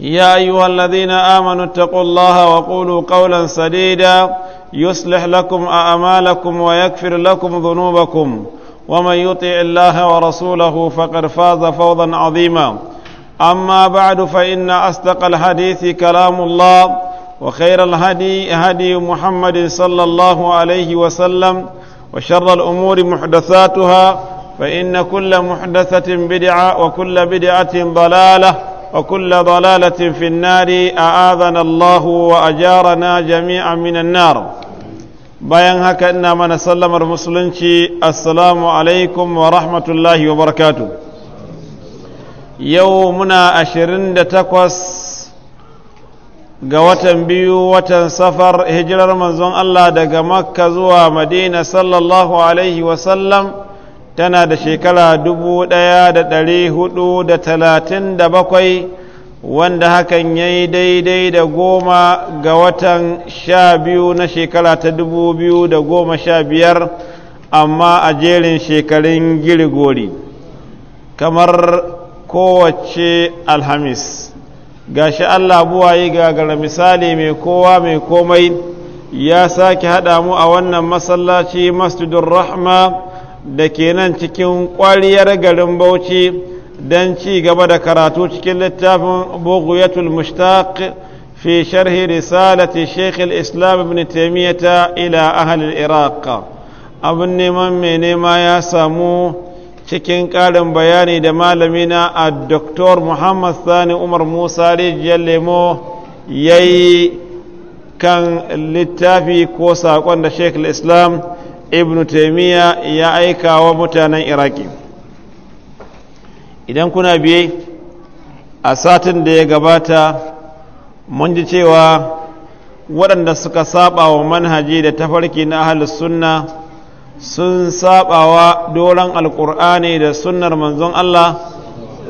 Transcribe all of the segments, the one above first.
يا أيها الذين آمنوا اتقوا الله وقولوا قولا سديدا يصلح لكم أعمالكم ويكفر لكم ذنوبكم ومن يطع الله ورسوله فقد فاز فوضا عظيما أما بعد فإن أصدق الحديث كلام الله وخير الهدي هدي محمد صلى الله عليه وسلم وشر الأمور محدثاتها فإن كل محدثة بدعة وكل بدعة ضلالة وكل ضلالة في النار أعاذنا الله وأجارنا جميعا من النار bayan haka ina mana sallamar musulunci assalamu alaikum wa rahmatullahi wa barakatu yau muna ashirin da takwas ga watan biyu watan safar hijirar manzon Allah daga makka zuwa madina sallallahu alaihi wasallam tana da shekara dubu ɗaya da ɗari hudu da talatin da bakwai wanda hakan ya yi daidai da goma ga watan sha biyu na shekara ta dubu biyu da goma sha biyar amma a jerin shekarun girgori kamar kowace alhamis gashi allah buwaye gagara misali mai kowa mai komai ya sake haɗa mu a wannan masallaci masjidun rahma da ke nan cikin ƙwariyar garin bauchi don ci gaba da karatu cikin littafin buguyatul mushtaq fi sharhi risalati sheikh islam ibn taimiyata ila ahalil iraq abin neman mai nema ya samu cikin ƙarin bayani da malamina a Dr. muhammad sani umar musa rijiyar lemo ya yi kan littafi ko saƙon da sheikh islam ibn taimiyya ya aika wa mutanen iraki idan kuna biye a satin da ya gabata mun ji cewa waɗanda suka saba wa manhaji da tafarki na ahalus sunna sun wa doron alkur'ani da sunnar manzon Allah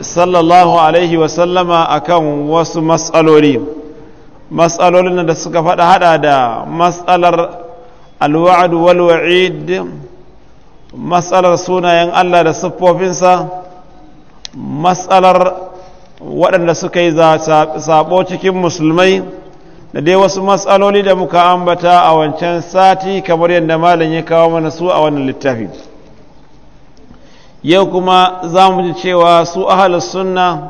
sallallahu alaihi wasallama akan wasu matsaloli matsalolin da suka faɗa hada da matsalar alwa'ad wal matsalar sunayen Allah da siffofinsa matsalar waɗanda suka yi sabo cikin musulmai da dai wasu matsaloli da muka ambata a wancan sati kamar yadda malam ya kawo mana su a wannan littafi yau kuma za mu ji cewa su ahalus sunna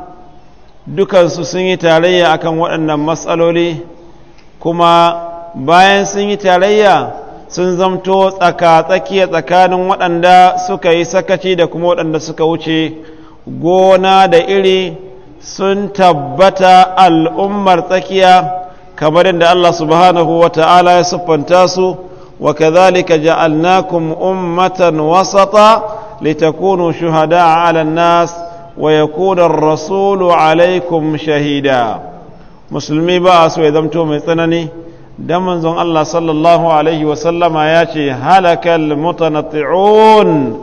dukansu sun yi tarayya akan waɗannan matsaloli kuma bayan sun yi tarayya sun zamto tsaka-tsakiya tsakanin waɗanda suka yi sakaci da kuma waɗanda suka wuce gona da iri sun tabbata al'ummar tsakiya kamar yadda Allah subhanahu wa ta'ala ya siffanta su wa kazalika ja'alnakum ummatan wasata litakunu shuhada ala nas wa yakuna rasulu alaikum shahida musulmi ba a so ya zamto mai tsanani dan manzon Allah sallallahu alaihi sallama ya ce halakal mutanati'un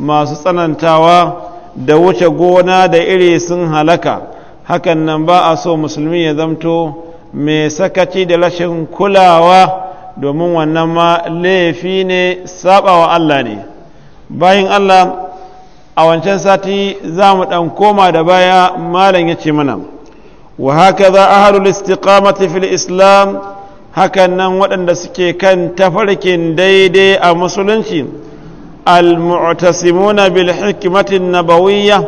masu tsanantawa da wuce gona da iri sun halaka hakan nan ba a so musulmi ya zamto mai sakaci da rashin kulawa domin wannan ma laifi ne saba wa Allah ne bayan Allah a wancan sati za mu ɗan koma da baya malam ya ce mana wa haka za ahalul istiqamati fil islam hakan nan waɗanda suke kan tafarkin daidai a musulunci al-mu'tasimuna bil hikmatin nabawiyya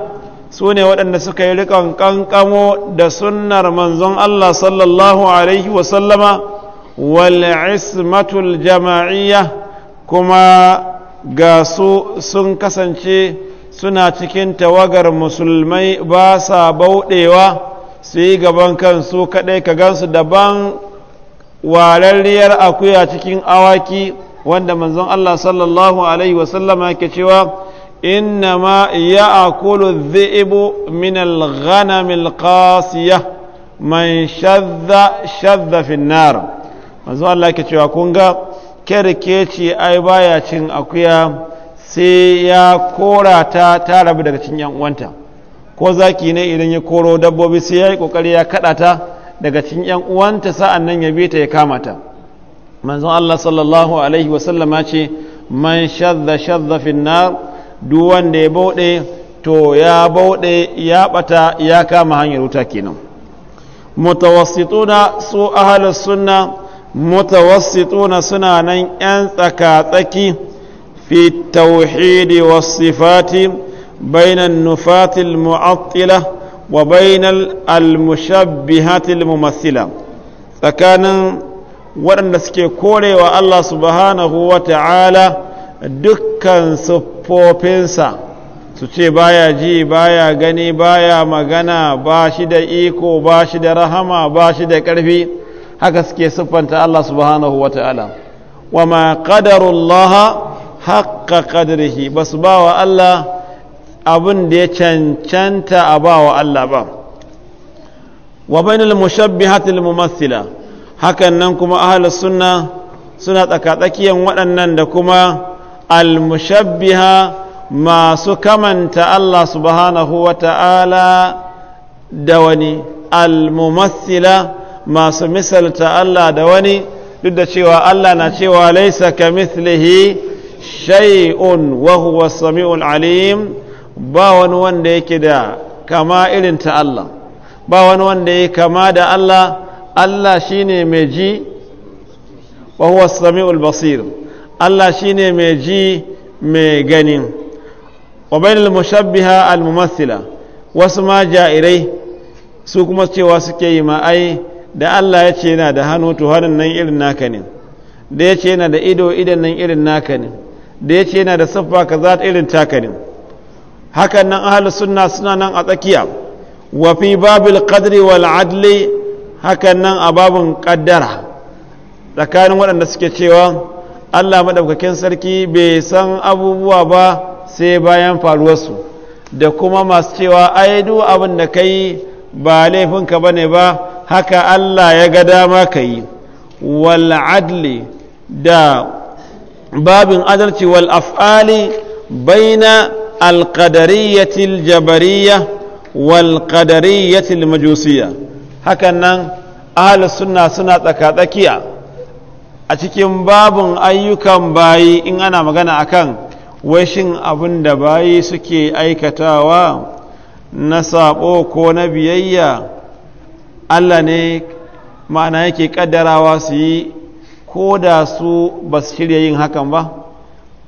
su ne waɗanda suka yi riƙon ƙanƙamo da sunnar manzon Allah sallallahu alaihi wa sallama wal ismatul jama'iyya kuma ga su sun kasance suna cikin tawagar musulmai ba sa bauɗewa su gaban kansu kaɗai ka gansu daban wararriyar akuya cikin awaki wanda manzon Allah sallallahu alaihi wasallama yake cewa innama ya akulu dhi'ibu min al-ghanamil qasiya man shadda shadda fi nar manzon Allah yake cewa kun ga kerkeci ai baya cin akuya sai ya korata ta rabu daga cin yan uwanta ko zaki ne idan ya koro dabbobi sai ya yi kokari ya kada ta daga cikin ‘yan uwanta sa'an nan ya bi ta ya kama ta manzon Allah sallallahu alaihi wasallama ce man shadda shadda finnar duk wanda ya bauɗe to ya bauɗe ya ɓata ya kama hanyar wuta kenan mutawassituna su ahalus sunna mutawassituna suna nan ‘yan tsaka-tsaki fi tauhidi was sifati bainan nufatil mu'attila wa bainal almushabbihatil mumassila tsakanin waɗanda suke korewa Allah subhanahu wa ta'ala dukkan siffofinsa su ce baya ji baya gani baya magana ba shi da iko ba shi da rahama ba shi da ƙarfi haka suke siffanta Allah subhanahu wa ta'ala wa ma ƙadarullaha haƙƙa ƙadarihi ba su ba wa Allah abin da ya cancanta a ba wa Allah ba wa bainal mushabbihatil mumathila hakan nan kuma ahlus sunna suna tsakatsakiyan waɗannan da kuma al mushabbiha masu kamanta Allah subhanahu wa ta'ala da wani almumassila masu misalta Allah da wani duk da cewa Allah na cewa laisa ka mithlihi shay'un wa huwa samiul alim ba wani wanda yake da kama irin ta Allah ba wani wanda yake kama da Allah Allah shi ne mai ji wa huwa samiul basir Allah ne mai ji mai gani wa bainal mushabbiha al mumathila wasu ma jairai su kuma cewa suke yi ma ai da Allah ya ce yana da hannu to hannun nan irin naka ne da ya ce yana da ido idan nan irin naka ne da ya ce yana da siffa kaza irin taka ne hakan nan ahalus sunna suna nan a tsakiya wa fi babil qadri wal adli hakan nan a babun kaddara tsakanin waɗanda suke cewa Allah madaukakin sarki bai san abubuwa ba sai bayan faruwarsu da kuma masu cewa ai duk abin da kai ba laifinka bane ba haka Allah ya ga dama ka yi wal adli da babin adalci wal af'ali baina alƙadariyyatil jabariya wal ƙadariyyatil majusiya hakan nan ahal suna suna tsakatsakiya a cikin babin ayyukan bayi in ana magana akan wai shin abin da bayi suke aikatawa na saɓo ko na biyayya Allah ne ma'ana yake ƙaddarawa su yi ko da su ba su shirya yin hakan ba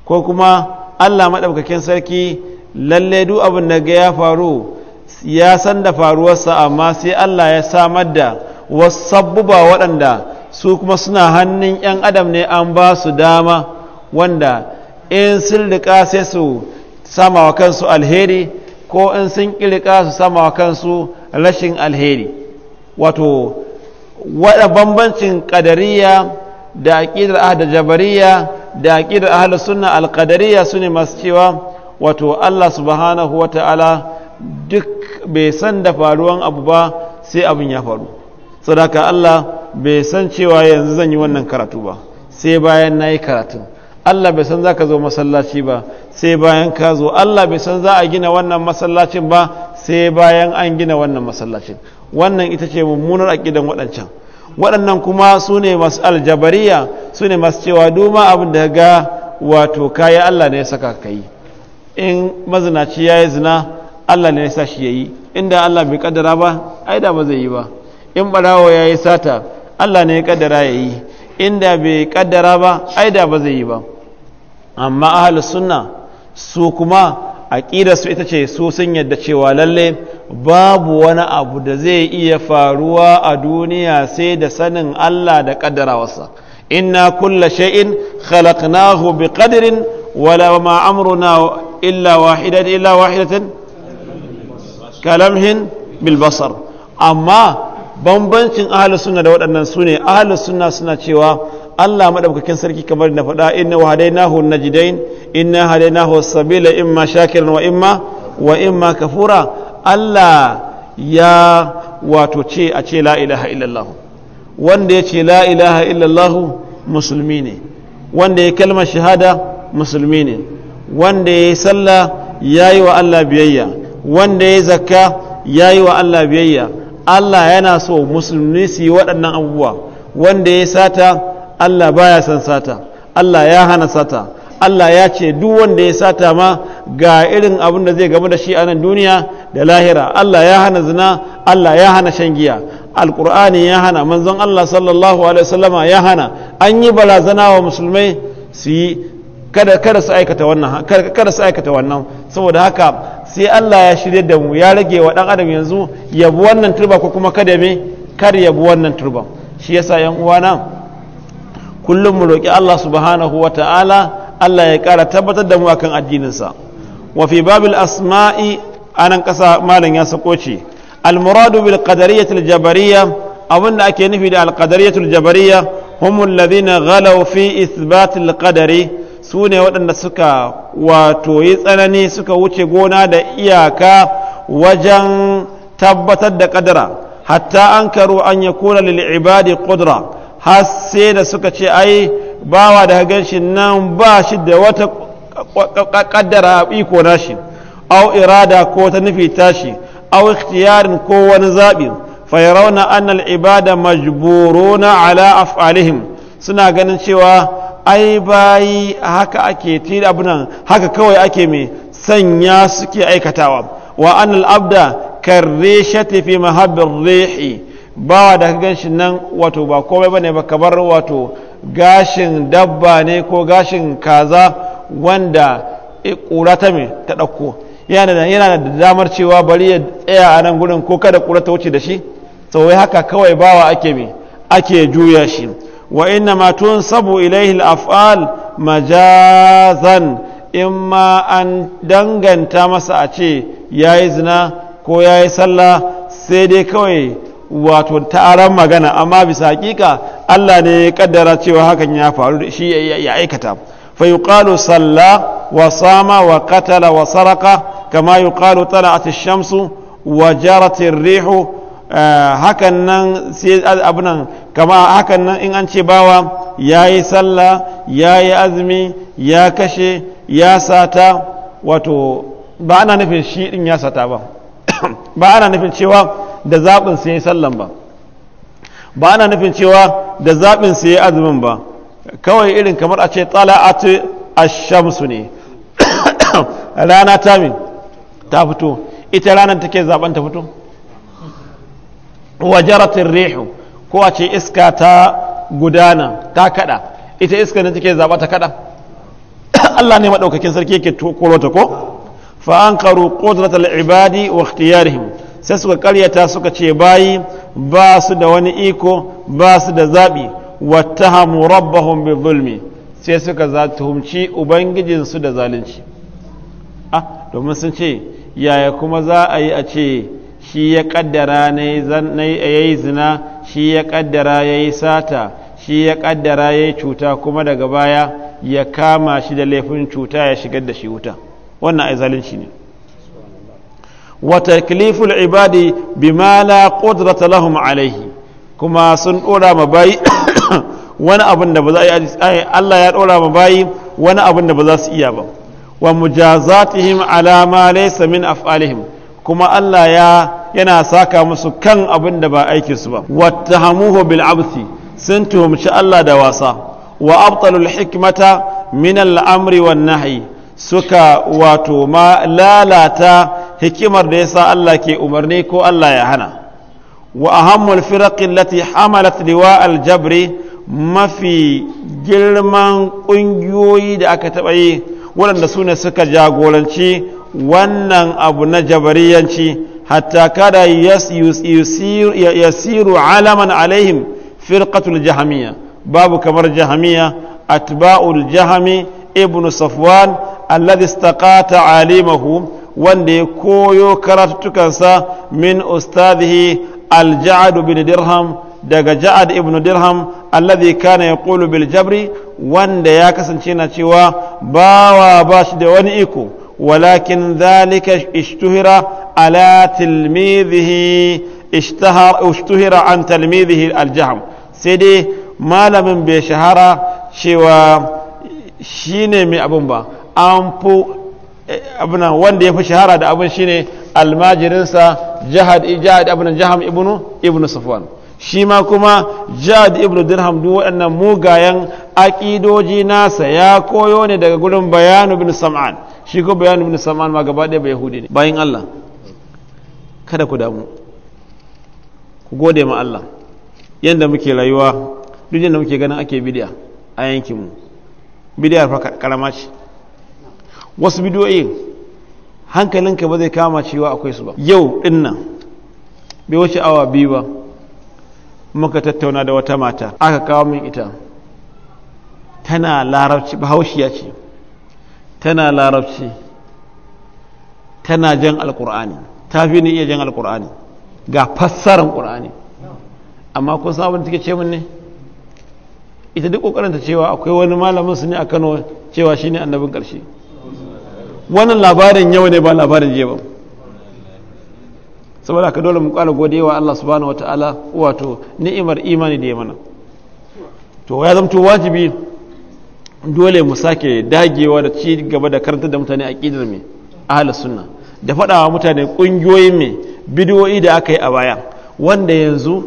ko kuma Allah maɗaukakin sarki lalle duk abin da ga ya faru ya san da faruwarsa amma sai Allah ya samar da wasu sabbuba waɗanda su kuma suna hannun 'yan adam ne an ba su dama wanda in sun riƙa sai su sama wa kansu alheri ko in sun ƙirƙa su sama wa kansu rashin alheri wato wada bambancin ƙadariya da aƙidar ahda jabariya da aƙidar ahlus sunna su ne masu cewa wato Allah subhanahu ta'ala duk bai san da faruwan abu ba sai abin ya faru sadaka Allah bai san cewa yanzu zan yi wannan karatu ba sai bayan na yi karatun Allah bai san za ka zo masallaci ba sai bayan ka zo Allah bai san za a gina wannan masallacin ba sai bayan an gina wannan masallacin wannan ita ce mummunar aƙidan waɗancan waɗannan kuma su ne masu aljabariya su ne masu cewa duma abin da ga wato kaya Allah ne ya saka ka yi in mazinaci ya yi zina Allah ne ya sa shi ya yi inda Allah bai kaddara ba ai da ba zai yi ba in barawo ya yi sata Allah ne ya kaddara ya yi inda bai kaddara ba ai da ba zai yi ba amma ahlus sunna su kuma aƙidar su ita ce su sun yadda cewa lalle babu wani abu da zai iya faruwa a duniya sai da sanin Allah da ƙaddarawarsa inna kulla shay'in khalaqnahu bi qadrin wala ma amruna illa wahidat illa wahidatin kalamhin bil basar amma bambancin ahlus sunna da waɗannan sune ahlus sunna suna cewa Allah madaukakin sarki kamar na faɗa inna wa hadainahu najidain inna hadainahu sabila imma shakiran wa imma wa imma kafura Allah ya wato ce a ce la ilaha illallah wanda ya ce la ilaha illallah musulmi ne wanda ya kalmar shahada musulmi ne wanda ya yi sallah ya yi wa Allah biyayya wanda ya zakka ya yi wa Allah biyayya Allah yana so musulmi su yi waɗannan abubuwa wanda ya sata Allah baya san sata Allah ya hana sata Allah ya ce duk wanda ya sata ma ga irin abin da zai gamu da shi a nan duniya da lahira Allah ya hana zina Allah ya hana shan giya alkur'ani ya hana manzon Allah sallallahu alaihi wasallama ya hana an yi balazana wa musulmai su yi kada kada su aikata wannan kada su aikata wannan saboda haka sai Allah ya shirye da mu ya rage wa dan adam yanzu yabu wannan turba ko kuma kada me kar yabu wannan turba shi yasa yan uwana kullum mu roƙi Allah subhanahu wa ta'ala Allah ya ƙara tabbatar da mu akan addininsa Wafi fi babil asma'i anan ƙasa malam ya sako ce al bil qadariyatil jabariyya abin da ake nufi da al jabariya jabariyya hum alladhina ghalaw fi ithbatil qadari su ne waɗanda suka wato yi tsanani suka wuce gona da iyaka wajen tabbatar da ƙadara hatta an karo an yakuna lil ibadi qudra har sai da suka ce ai bawa da shi nan ba shi da wata kaddara iko nashi au irada ko ta nufi tashi au ikhtiyarin ko wani zaɓi fayarauna annal ibada majburuna ala af'alihim suna ganin cewa ai bayi haka ake tira abunan haka kawai ake mai sanya suke aikatawa wa annal abda karre shati fi mahabbin rihi bawa da gan shi nan wato ba komai bane ba kamar wato gashin dabba ne ko gashin kaza wanda e, ƙura ta me ta ɗauko yana da damar cewa bari ya tsaya a nan gudun ko kada ƙura ta wuce da shi wai haka kawai bawa ake me ake juya shi wa inna ma tun sabu ilaihi al'af'al majazan in ma an danganta masa a ce ya yi zina ko ya yi sallah sai dai kawai wato taron magana amma bisa hakika Allah ne ya kaddara cewa hakan ya faru shi ya aikata fa yuqalu salla wa sama wa qatala wa saraka kama yuqalu tala'at ash-shamsu wa jarat ar eh, hakan nan sai abunan kama hakan nan in an ce bawa yayi salla yayi azumi ya kashe ya sata wato ba ana nufin shi din ya sata ba ba ana nufin cewa da zaɓin su ya yi sallan ba ba ana nufin cewa da zaɓin su ya yi azumin ba kawai irin kamar a ce tsala tsala'atu ashamsu ne rana ta min ta fito ita ranar take zaɓen ta fito wajaratin rihu ko a ce iska ta gudana ta kaɗa. ita iska ne take zaɓa ta kaɗa. Allah ne maɗaukakin sarki yake koro ta ko fa'an karu ƙudratar ibadi wa ikhtiyarihim sai suka karyata suka ce bayi ba su da wani iko ba su da zaɓi wattahamu rabbahum bi zulmi sai suka tuhumci ubangijinsu da zalunci ah domin sun ce yaya kuma za a yi a ce shi ya kaddara na yi zina shi ya kaddara ya yi sata shi ya kaddara ya yi cuta kuma daga baya ya kama shi da laifin cuta ya shigar da shi wuta wannan ai zalunci ne wa takliful ibadi bimala la lahum alaihi kuma sun dora ma bayi wani abin da ba Allah ya dora ma bayi wani abin da su iya ba wa mujazatihim ala ma laysa min af'alihim kuma Allah ya yana saka musu kan abin da ba aiki su ba wattahamuhu bil abthi sun tuhumci Allah da wasa wa abtalul hikmata min al-amri wan nahyi suka wato ma lalata hikimar da yasa Allah ke umarni ko Allah ya hana wa ahammul firaqi allati hamalat liwa aljabri mafi girman ƙungiyoyi da aka taɓa yi waɗanda su ne suka jagoranci wannan abu na jabariyanci hatta kada yasiru alaman alaihim firqatul jahamiya babu kamar jahamiya atba'ul jahami ibnu safwan alladhi istaqata alimahu wanda ya koyo karatuttukansa min ustadihi al-ja'ad bin dirham daga ja'ad ibn dirham alladhi kana yaqulu bil jabri wanda ya kasance na cewa bawa ba shi da wani iko walakin dhalika ishtuhira ala tilmidhihi ishtuhira an tilmidhihi al-jahm sai dai malamin bai shahara cewa shine mai abun ba an fi abin wanda ya fi shahara da abin shine almajirinsa jihad jihad abin jaham ibnu ibnu safwan shi ma kuma jihad ibnu dirham duk waɗannan mugayen aƙidoji nasa ya koyo ne daga gurin bayanu bin sam'an shi ko bayanu bin sam'an ma gaba ɗaya bai yahudi ne bayan Allah kada ku damu ku gode ma Allah yadda muke rayuwa duk yadda muke ganin ake bidiya a yankinmu bidiyar fa karama ce wasu bidiyoyi hankalinka ba zai kama cewa akwai su ba yau dinnan bai wace awa biyu ba muka tattauna da wata mata aka kawo min ita tana larabci bahaushiya ce tana larabci tana jan alkur'ani ta fi ni iya jan alkur'ani ga fassarar ƙur'ani amma kun san da take ce min ne ita duk ta cewa akwai wani malamin su ne a kano cewa shine annabin ƙarshe wannan labarin yau ne ba labarin jiya ba saboda ka dole mu kala godewa Allah subhanahu wataala wato ni'imar imani da ya mana to ya zamto wajibi dole mu sake dagewa da ci gaba da karanta da mutane aqidar mai ahalar sunna da faɗawa mutane kungiyoyin mai bidiyoyi da aka yi a baya wanda yanzu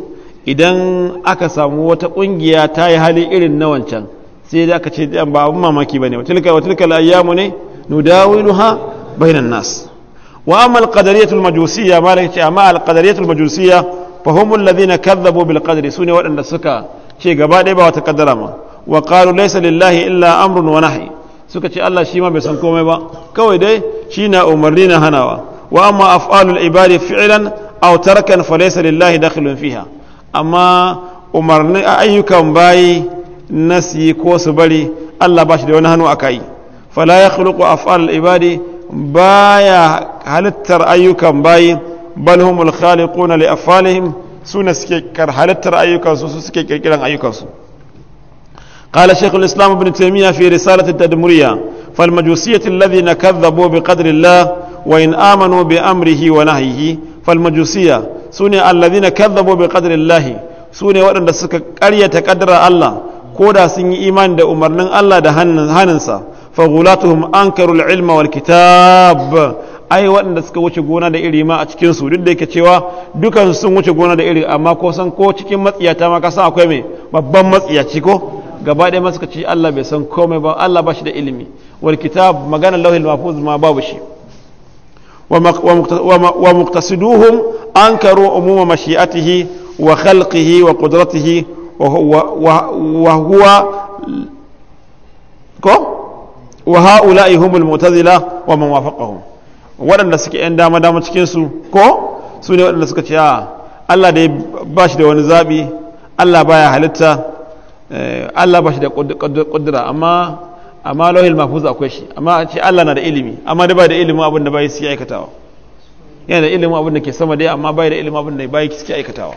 idan aka samu wata kungiya ta yi hali irin na wancan sai da aka ce ba abin mamaki ba ne wa tilka ayyamu ne نداولها بين الناس وأما القدرية المجوسية ما لك أما القدرية المجوسية فهم الذين كذبوا بالقدر سوني وأن سكا شيء قبادة وتقدر ما وقالوا ليس لله إلا أمر ونهي suka ce Allah shi ma bai san komai ba kawai dai shi na umarni na hanawa wa amma af'alul ibadi fi'lan aw tarkan fa laysa lillahi dakhilun fiha amma umarni ayyukan bayi nasi ko su bari Allah ba shi da wani hannu akayi. fala ya khuluqu af'al ibadi baya halittar ayyukan bayi bal humul khaliquna li af'alihim suna suke kar halittar ayyukan su suke kirkiran ayyukan su قال شيخ الإسلام ابن تيمية في رسالة التدمرية فالمجوسية الذين كذبوا بقدر الله وإن آمنوا بأمره ونهيه فالمجوسية سنة الذين كذبوا بقدر الله سنة وأن سكا قرية قدر الله كودا سن إيمان دا أمرنا الله دا هننسا فغلاتهم أنكروا العلم والكتاب ai waɗanda suka wuce gona da iri ma a cikinsu duk da yake cewa dukan sun wuce gona da iri amma ko san ko cikin matsiyata ma kasan akwai mai babban matsiyaci ko gaba ɗaya suka ce Allah bai san komai Allah ba shi da ilimi wal kitab magana lauhil mahfuz ma babu shi wa muqtasiduhum ankaru umuma mashi'atihi wa khalqihi wa qudratihi wa huwa ko wa ha'ula'i humul mu'tazila wa man wafaqahum waɗanda suke yan dama dama cikin su ko su ne waɗanda suka ce a Allah da ba shi da wani zabi Allah baya halitta eh, Allah ba shi da kudura amma amma lohil mahfuz akwai shi amma a ce Allah na da ilimi amma da ba da ilimi abin da bai suke aikatawa yana da ilimi abin da ke sama dai amma bai da ilimi abin da bai suke aikatawa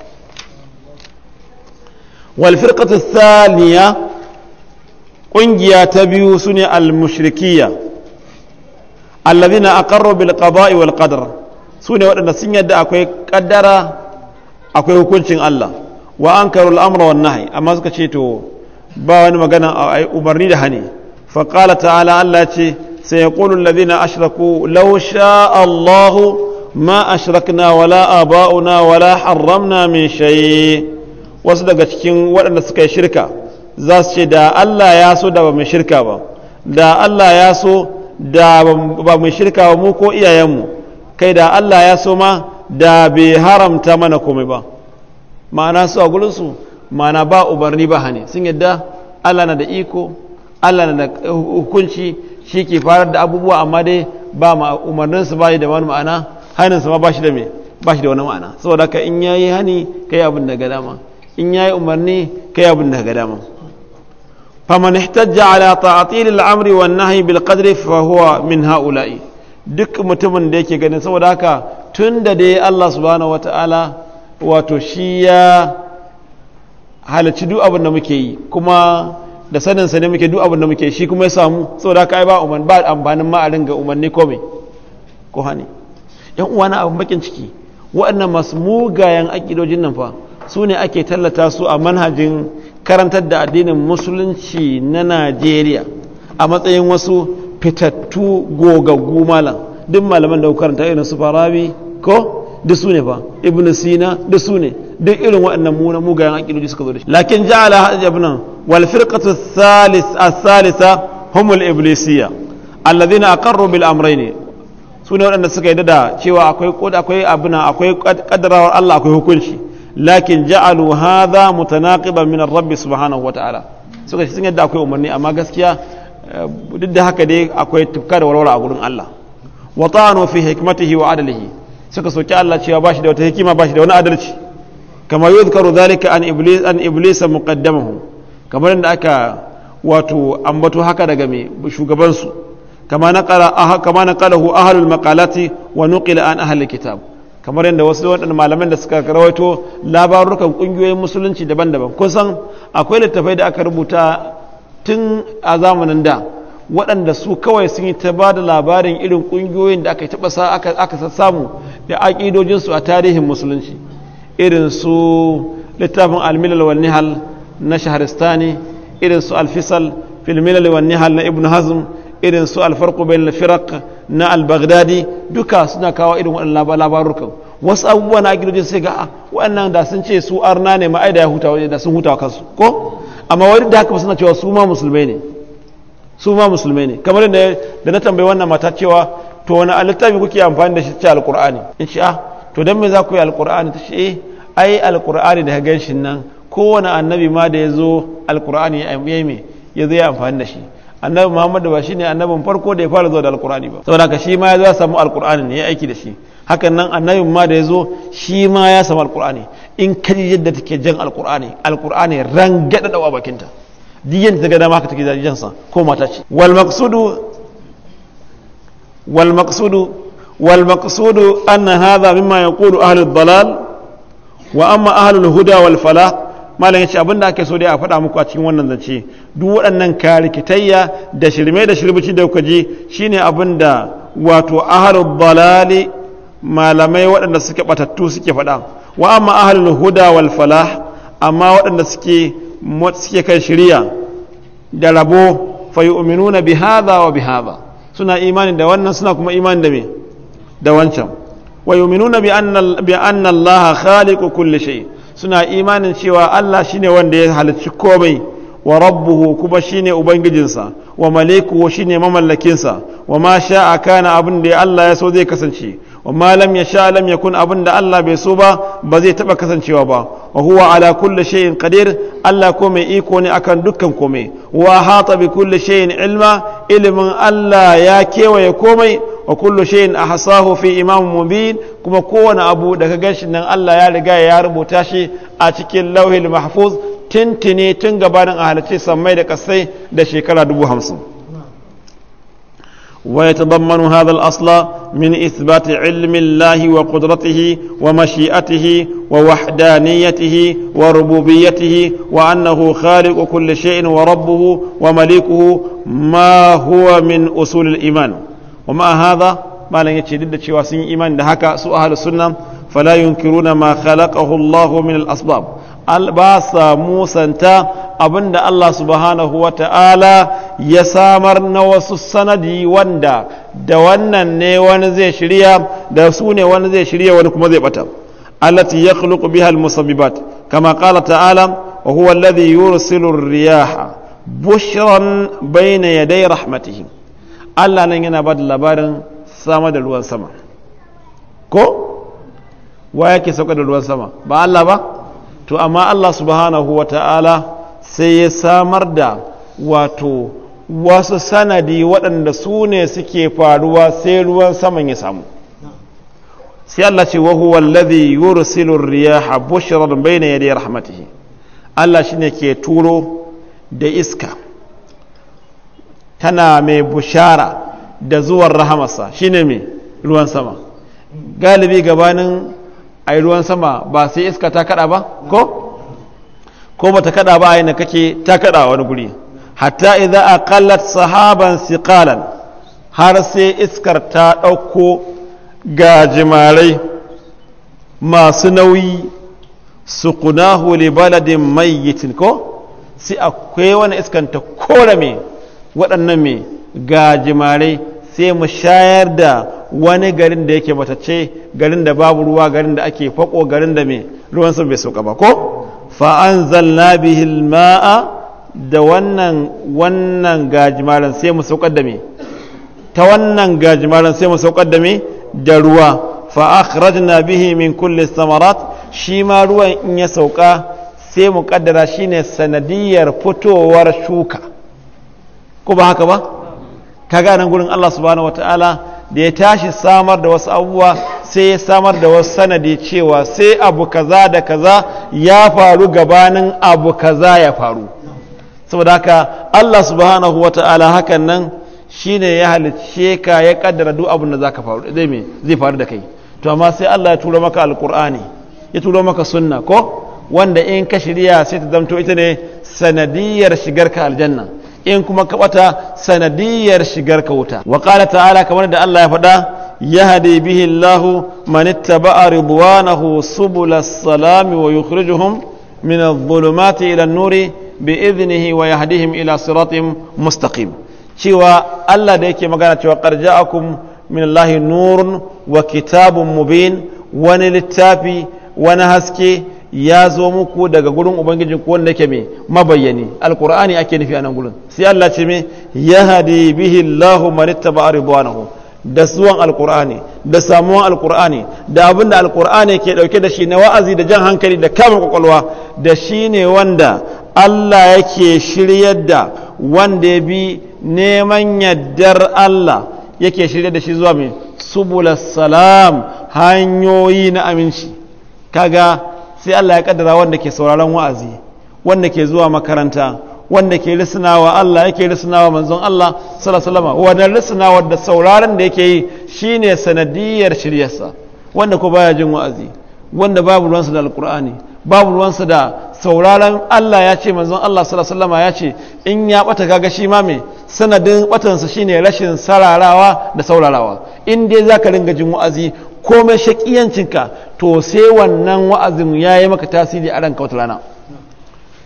wal firqatu thaniya ƙungiya ta biyu su ne al-mushrikiya allazina aqarru bil qada'i wal qadar su ne waɗanda sun yadda akwai ƙaddara akwai hukuncin Allah wa ankaru al-amra wan nahi amma suka ce to ba wani magana a umarni da hani fa qala ta'ala Allah ce sai yaqulu allazina ashraku law sha'a Allah ma ashrakna wala aba'una wala harramna min shay wasu daga cikin waɗanda suka yi shirka za su ce da Allah ya so da ba mu shirka ba da Allah ya so da ba mu shirka ba mu ko iyayenmu kai da Allah ya so ma da bai haramta mana komai ba ma'ana su a gurinsu ma'ana ba umarni ba hane sun yadda Allah na da iko Allah na da hukunci shi ke farar da abubuwa amma dai ba ma umarninsu ba da wani ma'ana hannunsu ma ba shi da me ba shi da wani ma'ana saboda haka in yayi hani kai abin da ga dama in yayi umarni kai abin da ga dama فمن احتج على تعطيل الامر والنهي بالقدر فهو من هؤلاء fa min ha'ula'i duk mutumin da yake ganin saboda haka da dai Allah subhanahu wata'ala wato shi ya halarci duk abin da muke yi kuma da sanin sa ne muke duk abin da muke shi kuma ya samu saboda haka ai ba umman ba amfanin ma a ringa umanni ko me ko hani yan uwa na abin bakin ciki waɗannan masu mugayen akidojin nan fa su ne ake tallata su a manhajin karantar da addinin musulunci na najeriya a matsayin wasu fitattu gogaggu malam duk malaman da karanta irin su farabi ko duk su ne fa ibn sina duk su ne duk irin waɗannan muna mugayen aƙidoji suka zo da shi lakin ja'ala hajjabnan wal firqatu thalis as-salisa humul iblisiyya alladhina aqarru bil amrayn su ne waɗanda suka yi dada cewa akwai akwai abuna akwai kaddarawar Allah akwai hukunci lakin ja'alu hadha mutanaqiban min ar-rabb subhanahu wa ta'ala suka ce sun yadda akwai umarni amma gaskiya eh, duk da haka dai akwai tukar da walwala a gurin Allah wa ta'anu fi hikmatihi wa adalihi suka soki Allah cewa bashi da wata hikima bashi da wani adalci kama yuzkaru dhalika an iblis an iblis muqaddamahu kamar da aka wato ambato haka daga shugabansu kama naqala kama naqalahu ahlul maqalati wa nuqila an ahlul kitab kamar yadda wasu waɗanda malaman da suka rawaito labarukan ƙungiyoyin musulunci daban-daban kusan akwai littafai da aka rubuta tun a zamanin da waɗanda su kawai sun yi ta ba da labarin irin ƙungiyoyin da aka taɓa aka samu da aƙidojinsu a tarihin musulunci irin su littafin almilal wal nihal na shaharistani irin su alfisal filmilal wal nihal na ibn hazm irin su alfarko bayan firaq na al duka suna kawo irin waɗannan labarukan wasu abubuwa na gidoji sai ga ah, waɗannan da sun ce su arna ne ma'ai da ya huta da sun huta kansu ko amma wani da haka suna cewa su ma musulmai ne su ma musulmai ne kamar yadda da na tambayi wannan mata cewa to wani littafi kuke amfani da shi ce alkur'ani in ce a ah, to don me za ku yi alkur'ani ta ce eh, ai alkur'ani da ganshin nan kowane annabi ma da ya zo alkur'ani ya yi ya zai amfani da shi annabi muhammadu ba shine annabin farko da ya fara zuwa da alkur'ani ba saboda haka shi ma ya zo ya samu alkur'ani ne ya aiki da shi hakan nan annabin ma da ya zo shi ma ya samu alkur'ani in kaji yadda take jan alkur'ani alkur'ani rangada dawa bakinta duk yadda ta ga dama haka take jan sa ko mata ce wal maqsudu wal maqsudu wal maqsudu anna hadha mimma yaqulu ahlul dalal wa amma ahlul huda wal falah malam yace abinda ake so dai a faɗa muku a cikin wannan zance duk waɗannan karikitayya da shirme da shirbici da kuka ji shine abinda wato ahlul dalali malamai waɗanda suke batattu suke faɗa wa amma ahlul huda wal falah amma waɗanda suke suke kan shiriya da rabo fa yu'minuna bi hadha wa bi hadha suna imani da wannan suna kuma imani da me da wancan wa yu'minuna bi anna bi anna allaha khaliqu kulli shay' suna imanin cewa Allah shine wanda ya halicci komai wa rabbuhu kuma shine ubangijinsa wa shi shine mamallakinsa wa ma sha'a kana abin da Allah ya so zai kasance wa ma lam yasha lam yakun abin da Allah bai so ba ba zai taba kasancewa ba wa huwa ala kulli shay'in qadir Allah ko iko ne akan dukkan komai wa hata bi kulli shay'in ilma ilimin Allah ya kewaye komai wa kullu shayin ahsahu fi imam mubin kuma kowane abu daga ganshin nan Allah ya riga ya rubuta shi a cikin lauhil mahfuz tintine tun gabanin ahalace sammai da kasai da shekara dubu hamsin wa yatadammanu hadha al-asla min ithbat ilmi lahi wa qudratihi wa mashi'atihi wa wahdaniyatihi wa rububiyatihi wa annahu khaliqu kulli shay'in wa rabbuhu wa malikuhu ma huwa min usul iman wa ma hadha malam yace duk da cewa sun yi imani da haka su ahlu sunna fala yunkiruna ma khalaqahu Allah asbab al sa musanta abinda Allah subhanahu wa ta'ala ya samar na wasu sanadi wanda da wannan ne wani zai shirya da su ne wani zai shirya wani kuma zai bata allati yakhluqu bihal al musabbibat kama qala ta'ala wa huwa alladhi yursilu ar-riyaha bushran bayna yaday rahmatihi Allah nan yana ba da labarin sama da ruwan sama ko wa yake sauka da ruwan sama ba Allah ba to amma Allah subhanahu wa ta'ala sai ya samar da wato wasu sanadi waɗanda su ne suke faruwa sai ruwan saman ya samu sai Allah ce wa huwa alladhi yursilu riyaha bushran bayna yaday rahmatihi Allah shine ke turo da iska tana mai bushara da zuwan rahamarsa shine mai ruwan sama galibi gabanin a yi ruwan sama ba sai iska ta kada ba ko ko ba ta kada ba na kake ta kada wani guri hatta idan a kallar sahaban siƙalan har sai iskar ta ɗauko gajimarai masu nauyi su kunahu li mai mayyitin ko sai akwai wani iskan kora mai waɗannan mai gajimare sai mu shayar da wani garin da yake matacce garin da babu ruwa garin da ake fako garin da mai ruwan sun bai sauka ba ko fa'an zalla bihil ma'a da wannan wannan gajimaren sai mu saukar da me ta wannan gajimaren sai mu saukar da me da ruwa fa na bihi min kulle samarat shi ma ruwan in ya sauka sai mu kaddara shine sanadiyar fitowar shuka ko ba haka ba ka gane gurin Allah subhanahu wataala da ya tashi samar da wasu abubuwa sai ya samar da wasu sanadi cewa sai abu kaza da kaza ya faru gabanin abu kaza ya faru saboda haka Allah subhanahu wataala hakan nan shine ya halicce ka ya kaddara duk abin da zaka faru zai me zai faru da kai to amma sai Allah ya turo maka alqur'ani ya turo maka sunna ko wanda in ka shirya sai ta zamto ita ne sanadiyar shigar ka aljanna in kuma ka bata sanadiyar shigar ka wuta wa qala ta'ala kamar da Allah ya faɗa yahdi bihi Allah man ittaba'a ridwanahu subulas salami wa yukhrijuhum min adh-dhulumati ila an-nuri bi'idhnihi wa yahdihim ila siratin mustaqim cewa Allah da yake magana cewa qarja'akum min Allah nurun wa kitabun mubin wani littafi wani haske ya zo muku daga gurin ubangijin ko wanda yake mai mabayyani alqur'ani ake nufi a nan gurin sai Allah ce me yahdi bihi Allahu man ittaba ridwanahu da suwan alqur'ani da samuwan alqur'ani da abinda alqur'ani ke dauke da shi na wa'azi da jan hankali da kama kwakwalwa da shi ne wanda Allah yake shiryar da wanda ya bi neman yaddar Allah yake shirya da shi zuwa mai subula salam hanyoyi na aminci kaga sai Allah ya kaddara wanda ke sauraron wa'azi wanda ke zuwa makaranta wanda ke risnawa Allah yake risnawa manzon Allah sallallahu alaihi wasallam wannan da sauraron da yake yi shine sanadiyyar shiryarsa wanda ko baya jin wa'azi wanda babu ruwansa da alqur'ani babu ruwansa da sauraron Allah ya ce manzon Allah sallallahu ya ce in ya bata kaga shi ma me sanadin batansa shine rashin sararawa da saurarawa in dai zaka ringa jin wa'azi komai shakiyancinka to sai wannan wa'azin ya yi maka tasiri a ranka wata rana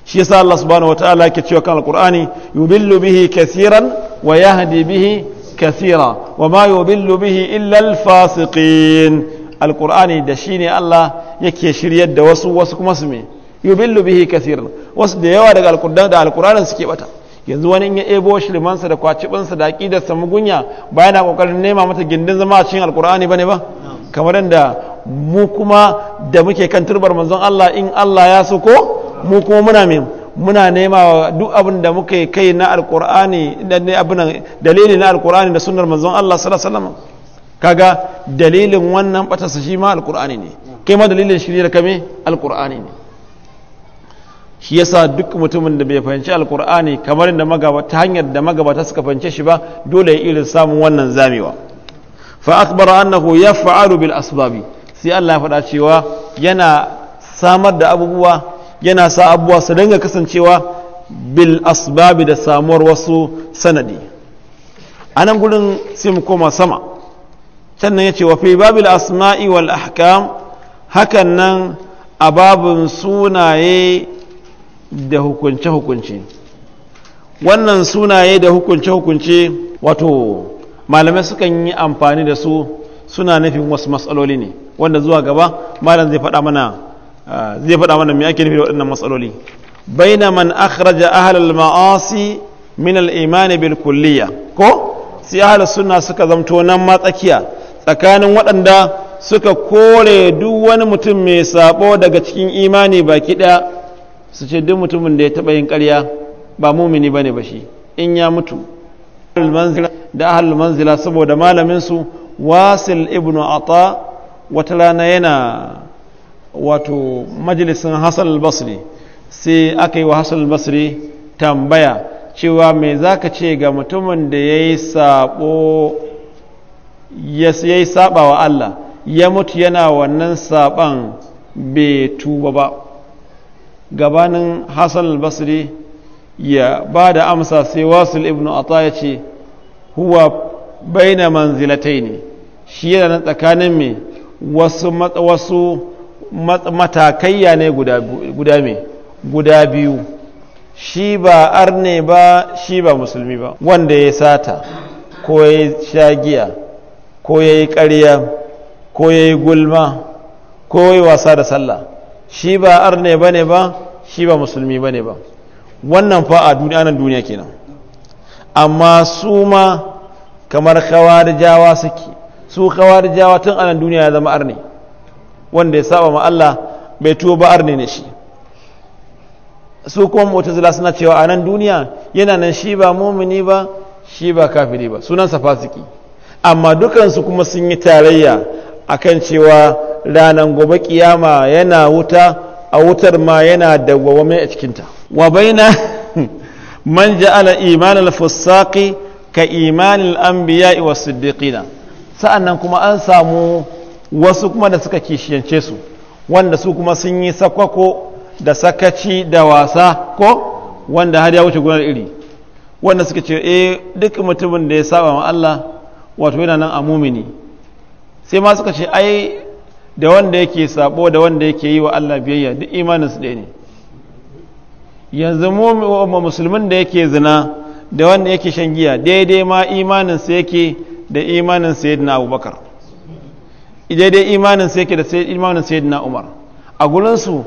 shi yasa Allah subhanahu ala yake cewa kan alqur'ani yubillu bihi kaseeran wa yahdi bihi kaseera wa ma yubillu bihi illa alfasiqin alqur'ani da shine Allah yake shiryar da wasu wasu kuma su me yubillu bihi wasu da yawa daga alqur'an da suke bata yanzu wani in ya ebo shirmansa da kwacibinsa da aqidarsa mugunya ba kokarin nema mata gindin zama a cikin alqur'ani bane ba kamar yadda mu kuma da muke kan turbar manzon Allah in Allah ya so ko mu kuma muna mai muna nema duk abin da muke kai na alkur'ani da ne abin dalili na alkur'ani da sunnar manzon Allah sallallahu alaihi wasallam kaga dalilin wannan batarsa shi ma alkur'ani ne kai ma dalilin shirye da kame alkur'ani ne shi yasa duk mutumin da bai fahimci alkur'ani kamar inda magaba ta hanyar da magabata suka fahimce shi ba dole ya irin samun wannan zamewa fa akhbara annahu yaf'alu bil asbabi sai Allah ya faɗa cewa yana samar da abubuwa yana sa abubuwa su dinga kasancewa bil asbabi da samuwar wasu sanadi a nan gudun sai mu koma sama sannan ya cewa, wa fi babil asma'i wal ahkam hakan nan a babin sunaye da hukunce-hukunce wannan sunaye da hukunce-hukunce wato malamai sukan yi amfani da su suna nufin wasu matsaloli ne wanda zuwa gaba malam zai faɗa mana ah, zai faɗa mana me ake nufi da waɗannan matsaloli baina man akhraja ahlal ma'asi min al-iman bil kulliya ko sai ahlus suna suka zamto nan ma tsakiya tsakanin waɗanda suka kore duk wani mutum mai sabo daga cikin imani baki ɗaya su ce duk mutumin da ya taɓa yin karya ba mumini bane ba shi in ya mutu da ahlul manzila saboda malamin su wasil ibn ata wata rana yana wato majalisin hasan albasri sai aka yi wa hasan albasri tambaya cewa za zaka ce ga mutumin da ya yi saba wa Allah ya mutu yana wannan saban bai tuba ba gabanin hasan albasri ya ba da amsa sai wasul ibn ata ya ce huwa baina manzilatai ne shi yana nan tsakanin mai wasu matakaiya ne guda mai guda biyu shi ba arne ba shi ba musulmi ba wanda ya sata ko ya yi shagiya ko ya yi ƙarya ko ya yi gulma ko ya yi wasa da sallah shi ba arne ba ne ba shi ba musulmi ba ne ba wannan fa a duniya duniya kenan amma su ma kamar jawa suke su jawa tun anan duniya ya zama arne wanda ya saba ma Allah bai tuwo ba arne ne shi su kuma zula suna cewa anan nan duniya yana nan shi ba mumini ba shi ba kafiri ba sunansa fasiki amma dukansu kuma sun yi tarayya a kan cewa ranar gobe kiyama yana wuta a wutar ma yana da dawwamai a cikinta wa baina man ja'ala iman al-fusaqi ka iman al-anbiya wa siddiqina sa'annan kuma an samu wasu kuma da suka kishiyance su wanda su kuma sun yi sakwako da sakaci da wasa ko wanda har ya wuce gunar iri wanda suka ce eh duk mutumin da ya saba ma Allah wato yana nan a mumini sai ma suka ce ai da wanda yake sabo da wanda yake yi wa Allah biyayya duk imaninsu ɗaya ne yanzu mu musulmin da yake zina da wanda yake shan giya daidai ma sa yake da imanin na abubakar daidai sa yake da imanin na umar a gurinsu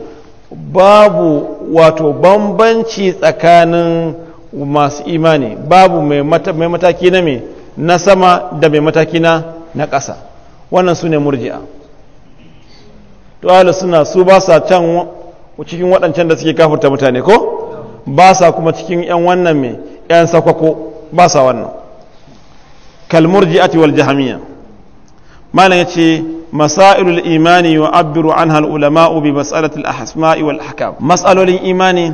babu wato bambanci tsakanin masu imani babu mai mataki na mai na sama da mai mataki na na ƙasa wannan su ne murji'a to suna su ba sa can cikin waɗancan da suke kafurta mutane ko? ba sa kuma cikin 'yan wannan mai 'yan sakwako ba sa wannan kalmurji'ati wal jahamiya malam ya ce masailul imani wa abiru an hal'ulama bi mas'alatul ahasma'i wal hakam matsalolin imani